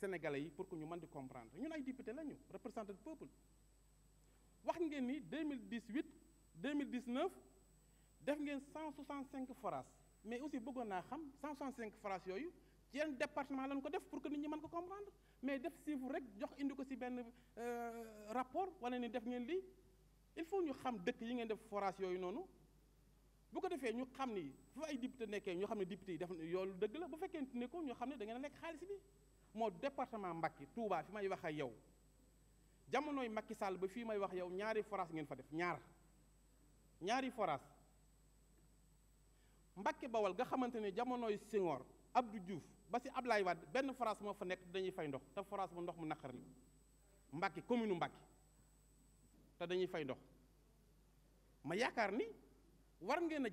sénégalais yi pour que ñu mën di comprendre ñun ay député lañu représentant du peuple wax ngeen ni 2018 2019 def ngeen 165 forages mais aussi bëggoon naa xam 165 forages yooyu ci yenn département lañ ko def pour que nit ñi mën ko comprendre mais def chiffre rek jox indi ko ci benn euh, rapport wala ni def ngeen lii il faut ñu xam dëkk yi ngeen def forage yooyu noonu bu ko defee ñu xam ni fu ay député nekkee ñu xam ne député yi def yoolu dëgg la bu fekkee ne ko ñu xam ne da ngeen a lekk xaalis bi mo département Mbacke Touba fi may wax ak yow jamono Macky Sall ba fi may wax yow ñaari forage ngeen fa def ñaar ñaari forage Mbacke Bawal ga xamantene jamono jamonoy Senghor Abdou Diouf ba ci Ablaye wad benn forage mo fa nek dañuy fay ndox ta forage bu ndox mu nakar li Mbacke commune Mbacke ta dañuy fay ndox ma yakar ni war ngeen a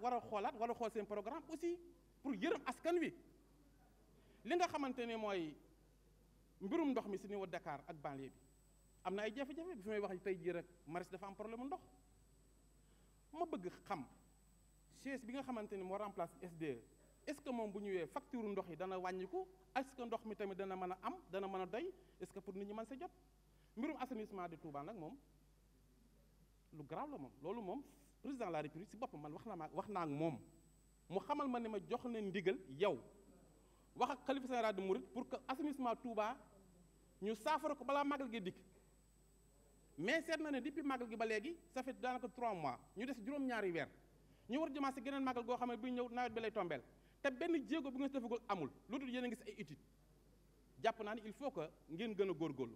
wara war a xol sen programme aussi pour yeureum askan wi li nga xamantene moy mooy mbirum ndox mi si niveau Dakar ak banlieue bi amna ay bi wax tay ji rek maris dafa am problème ndox ma bëgg xam chaise bi nga xamantene ni remplace SDE est ce que mom bu ñëwee facture ndox yi dana wañiku est ce que ndox mi tamit dana mëna am dana mëna doy est ce que pour nit ñi mën sa jot mbirum assainissement de Touba nak mom lu grave la mom, lolu mom, président de la république ci bopam man wax naa ma wax naa ak mom mu xamal ma ne ma jox na ndigal yow wax ak xalifa général des mourides pour que assainissement Touba ñu saafara ko balaa màggal gi dikk mais seet na ne depuis màggal gi ba léegi ça fait daanaka 3 mois ñu des juróom-ñaari weer ñu war jëmaa si geneen màggal goo xam ne bi ñëw nawet bi lay tombeel te benn jéego bu ngeen defagul amul lu dul yéen a ngi si ay études jàpp naa ne il faut que ngeen gën a góorlu